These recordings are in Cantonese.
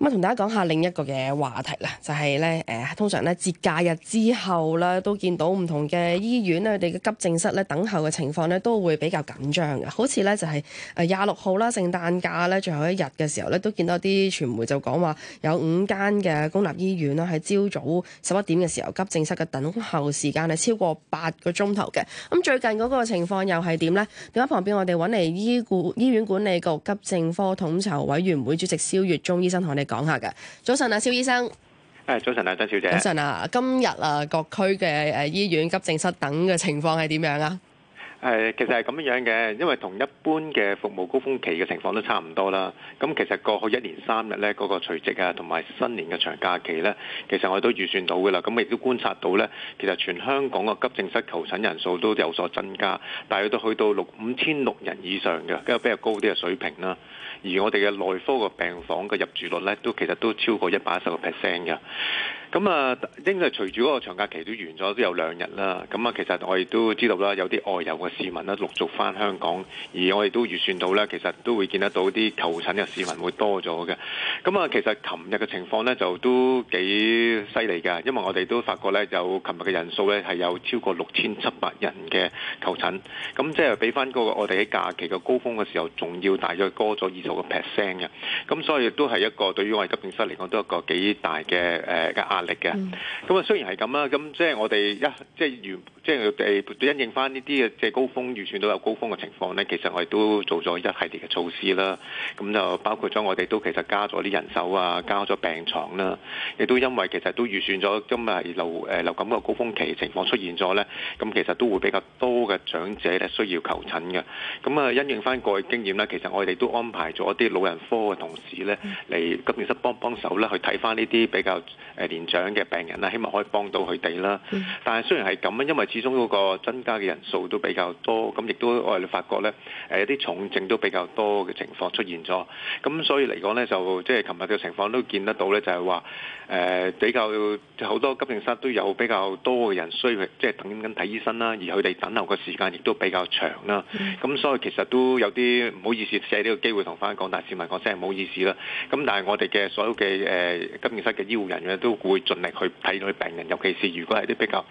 咁同大家講下另一個嘅話題啦，就係咧，誒，通常咧節假日之後啦，都見到唔同嘅醫院咧，佢哋嘅急症室咧等候嘅情況咧，都會比較緊張嘅。好似咧就係誒廿六號啦，聖誕假咧最後一日嘅時候咧，都見到啲傳媒就講話有五間嘅公立醫院啦，喺朝早十一點嘅時候急症室嘅等候時間係超過八個鐘頭嘅。咁最近嗰個情況又係點呢？點解？旁邊我哋揾嚟醫管醫院管理局急症科統籌委員會主席蕭粵中醫生同我哋。講下嘅，早晨啊，蕭醫生。誒，早晨啊，張小姐。早晨啊，今日啊，各區嘅誒醫院急症室等嘅情況係點樣啊？誒，其實係咁樣嘅，因為同一般嘅服務高峰期嘅情況都差唔多啦。咁其實過去一年三日呢嗰、嗰個除夕啊，同埋新年嘅長假期呢，其實我哋都預算到㗎啦。咁亦都觀察到呢，其實全香港嘅急症室求診人數都有所增加，但係都去到六五千六人以上嘅，跟住比較高啲嘅水平啦。而我哋嘅內科嘅病房嘅入住率呢，都其實都超過一百一十個 percent 嘅。咁啊，應該隨住嗰個長假期都完咗，都有兩日啦。咁啊，其實我亦都知道啦，有啲外遊嘅市民呢，陸續翻香港，而我亦都預算到呢，其實都會見得到啲求診嘅市民會多咗嘅。咁啊，其實琴日嘅情況呢，就都幾犀利嘅，因為我哋都發覺呢，有琴日嘅人數呢，係有超過六千七百人嘅求診。咁即係俾翻嗰個我哋喺假期嘅高峰嘅時候，仲要大約多咗二十個 percent 嘅。咁所以亦都係一個對於我哋急症室嚟講都一個幾大嘅誒嘅力、嗯、嘅，咁、嗯、啊、嗯，雖然係咁啦，咁即係我哋一即係完，即係地因應翻呢啲嘅即係高峰預算到有高峰嘅情況呢，其實我哋都做咗一系列嘅措施啦。咁就包括咗我哋都其實加咗啲人手啊，加咗病床啦，亦都因為其實都預算咗，今日流誒流感嘅高峰期嘅情況出現咗呢，咁其實都會比較多嘅長者咧需要求診嘅。咁啊，因應翻過去經驗啦，其實我哋都安排咗啲老人科嘅同事呢嚟急症室幫幫手啦，去睇翻呢啲比較誒年欸連長嘅病人啦，希望可以幫到佢哋啦。但係雖然係咁啊，因為始終嗰個增加嘅人數都比較多，咁亦都我哋發覺呢，誒一啲重症都比較多嘅情況出現咗。咁所以嚟講呢，就即係琴日嘅情況都見得到呢，就係話比較好多急症室都有比較多嘅人需要即係、就是、等緊睇醫生啦，而佢哋等候嘅時間亦都比較長啦。咁所以其實都有啲唔好意思，借呢個機會同翻廣大市民講聲唔好意思啦。咁但係我哋嘅所有嘅誒急症室嘅醫護人員都會盡力去睇到佢病人，尤其是如果係啲比較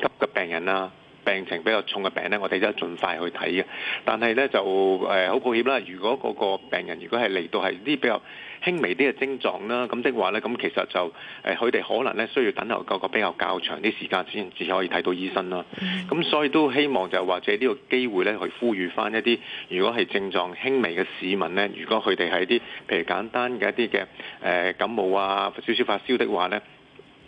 急嘅病人啊，病情比較重嘅病呢，我哋都盡快去睇嘅。但係呢，就誒好抱歉啦，如果嗰個病人如果係嚟到係啲比較輕微啲嘅症狀啦，咁的話呢，咁其實就誒佢哋可能呢，需要等候個比較較長啲時間先至可以睇到醫生啦。咁所以都希望就或者呢個機會呢，去呼籲返一啲，如果係症狀輕微嘅市民呢，如果佢哋係啲譬如簡單嘅一啲嘅誒感冒啊，少少發燒的話呢，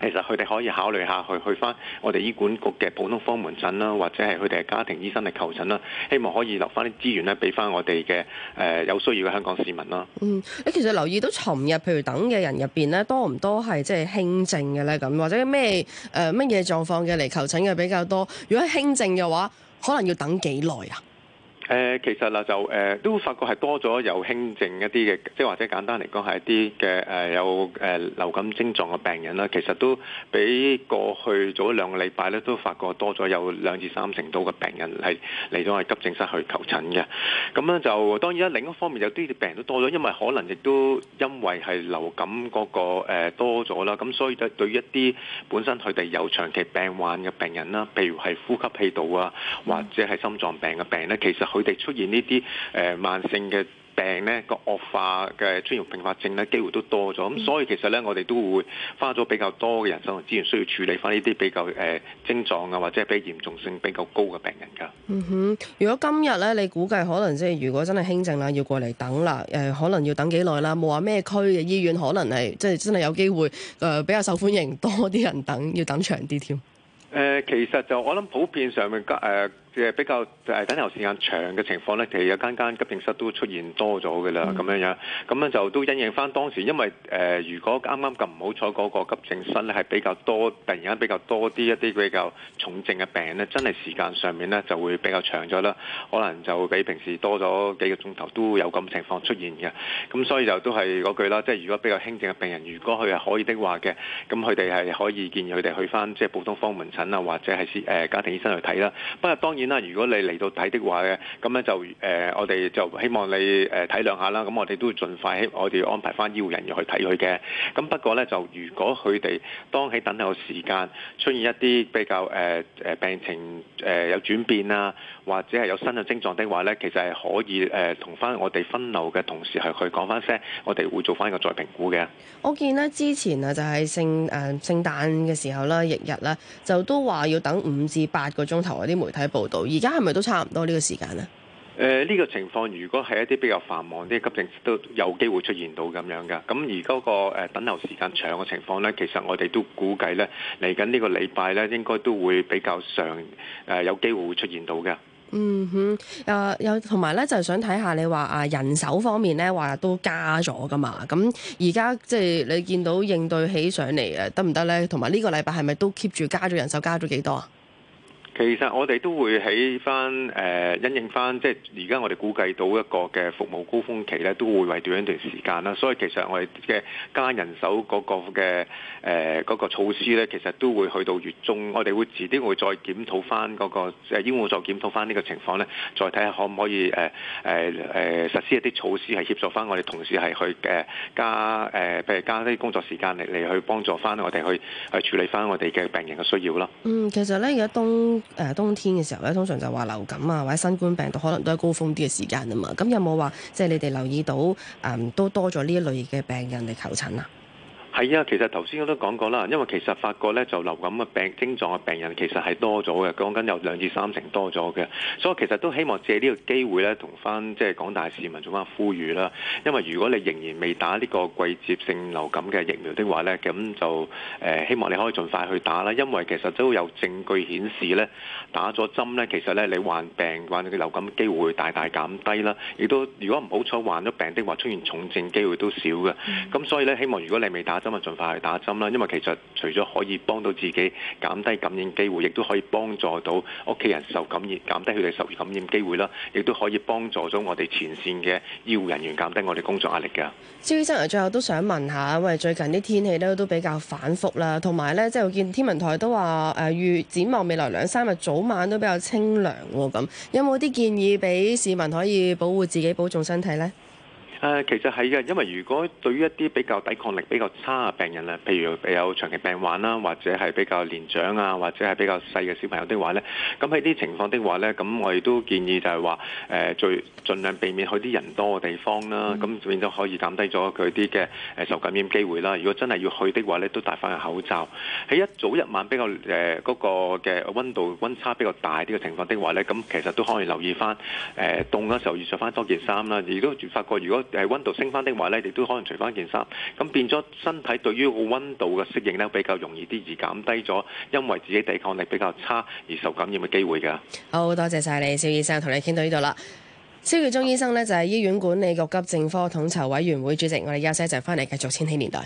其實佢哋可以考慮下去去翻我哋醫管局嘅普通科門診啦，或者係佢哋嘅家庭醫生嚟求診啦，希望可以留翻啲資源咧，俾翻我哋嘅誒有需要嘅香港市民啦。嗯，你其實留意到尋日譬如等嘅人入邊咧，多唔多係即係輕症嘅咧？咁或者咩誒乜嘢狀況嘅嚟求診嘅比較多？如果輕症嘅話，可能要等幾耐啊？誒其實啦，就誒都發覺係多咗有輕症一啲嘅，即係或者簡單嚟講係一啲嘅誒有誒流感症狀嘅病人啦。其實都比過去早兩個禮拜咧，都發覺多咗有兩至三成度嘅病人係嚟咗係急症室去求診嘅。咁咧就當然啦，另一方面有啲病人都多咗，因為可能亦都因為係流感嗰個多咗啦，咁所以對於一啲本身佢哋有長期病患嘅病人啦，譬如係呼吸氣道啊，或者係心臟病嘅病咧，其實。佢哋出現呢啲誒慢性嘅病咧，個惡化嘅出現併發症咧，機會都多咗。咁所以其實咧，我哋都會花咗比較多嘅人手同資源，需要處理翻呢啲比較誒、呃、症狀啊，或者比較嚴重性比較高嘅病人噶。嗯哼，如果今日咧，你估計可能即係如果真係輕症啦，要過嚟等啦，誒、呃、可能要等幾耐啦，冇話咩區嘅醫院，可能係即係真係有機會誒、呃、比較受歡迎，多啲人等要等長啲添。誒、呃，其實就我諗普遍上面誒。呃誒比較誒等候時間長嘅情況呢，其實有間間急症室都出現多咗嘅啦，咁樣樣咁樣就都印證翻當時，因為誒、呃、如果啱啱咁唔好彩嗰個急症室呢係比較多，突然間比較多啲一啲比較重症嘅病呢真係時間上面呢就會比較長咗啦，可能就比平時多咗幾個鐘頭都有咁情況出現嘅，咁所以就都係嗰句啦，即係如果比較輕症嘅病人，如果佢係可以的話嘅，咁佢哋係可以建議佢哋去翻即係普通科門診啊，或者係、呃、家庭醫生去睇啦，不過當然。如果你嚟到睇的話呢，咁咧就誒、呃，我哋就希望你誒體諒下啦。咁我哋都會盡快，我哋安排翻醫護人員去睇佢嘅。咁不過呢，就如果佢哋當喺等候時間出現一啲比較誒誒、呃、病情誒、呃、有轉變啊，或者係有新嘅症狀的話呢，其實係可以誒同翻我哋分流嘅同事係去講翻聲，我哋會做翻一個再評估嘅。我見呢之前啊，就、呃、喺聖誒聖誕嘅時候啦，日日啦，就都話要等五至八個鐘頭，啲媒體報道。而家係咪都差唔多呢個時間呢？誒、呃，呢、這個情況如果係一啲比較繁忙啲急症，都有機會出現到咁樣噶。咁而嗰個誒等候時間長嘅情況呢，其實我哋都估計呢嚟緊呢個禮拜呢，應該都會比較常誒、呃、有機會會出現到嘅。嗯哼，啊、呃，還有同埋呢，就係、是、想睇下你話啊人手方面呢，話都加咗噶嘛？咁而家即係你見到應對起上嚟誒得唔得呢？同埋呢個禮拜係咪都 keep 住加咗人手，加咗幾多啊？其實我哋都會喺翻誒，因應翻即係而家我哋估計到一個嘅服務高峰期咧，都會為短一段時間啦。所以其實我哋嘅加人手嗰個嘅誒嗰個措施咧，其實都會去到月中，我哋會遲啲會再檢討翻嗰、嗰個，即係要唔要再檢討翻呢個情況咧，再睇下可唔可以誒誒誒實施一啲措施係協助翻我哋同事係去誒加誒、呃，譬如加啲工作時間嚟嚟去幫助翻我哋去去處理翻我哋嘅病人嘅需要咯。嗯，其實咧而家冬誒冬天嘅時候咧，通常就話流感啊，或者新冠病毒可能都係高峰啲嘅時間啊嘛。咁有冇話即係你哋留意到誒、嗯、都多咗呢一類嘅病人嚟求診啊？係啊，其實頭先我都講過啦，因為其實發覺咧就流感嘅病症狀嘅病人其實係多咗嘅，講緊有兩至三成多咗嘅，所以我其實都希望借呢個機會咧，同翻即係廣大市民做翻呼籲啦。因為如果你仍然未打呢個季節性流感嘅疫苗的話咧，咁就誒、呃、希望你可以盡快去打啦。因為其實都有證據顯示咧，打咗針咧，其實咧你患病患嘅流感機會大大減低啦。亦都如果唔好彩患咗病的話，出現重症機會都少嘅。咁所以咧，希望如果你未打，咁啊，儘快去打針啦，因為其實除咗可以幫到自己減低感染機會，亦都可以幫助到屋企人受感染，減低佢哋受感染機會啦，亦都可以幫助咗我哋前線嘅醫護人員減低我哋工作壓力嘅。蕭醫生啊，嚟最後都想問一下，因為，最近啲天氣咧都比較反覆啦，同埋咧即係我見天文台都話誒預展望未來兩三日早晚都比較清涼喎，咁有冇啲建議俾市民可以保護自己、保重身體咧？誒，其實係嘅，因為如果對於一啲比較抵抗力比較差嘅病人咧，譬如有長期病患啦，或者係比較年長啊，或者係比較細嘅小朋友的話咧，咁喺啲情況的話咧，咁我亦都建議就係話誒，最、呃、盡量避免去啲人多嘅地方啦，咁就變咗可以減低咗佢啲嘅誒受感染機會啦。如果真係要去的話咧，都戴翻個口罩。喺一早一晚比較誒嗰、呃那個嘅溫度溫差比較大啲嘅、這個、情況的話咧，咁其實都可以留意翻誒凍嘅時候要着翻多件衫啦，亦都發覺如果誒，溫度升翻的話咧，亦都可能除翻件衫，咁變咗身體對於個溫度嘅適應咧比較容易啲，而減低咗因為自己抵抗力比較差而受感染嘅機會㗎。好多謝晒你，蕭醫生，同你傾到呢度啦。蕭粵中醫生呢，就係、是、醫院管理局急症科統籌委員會主席，我哋休息一陣，翻嚟繼續《千禧年代》。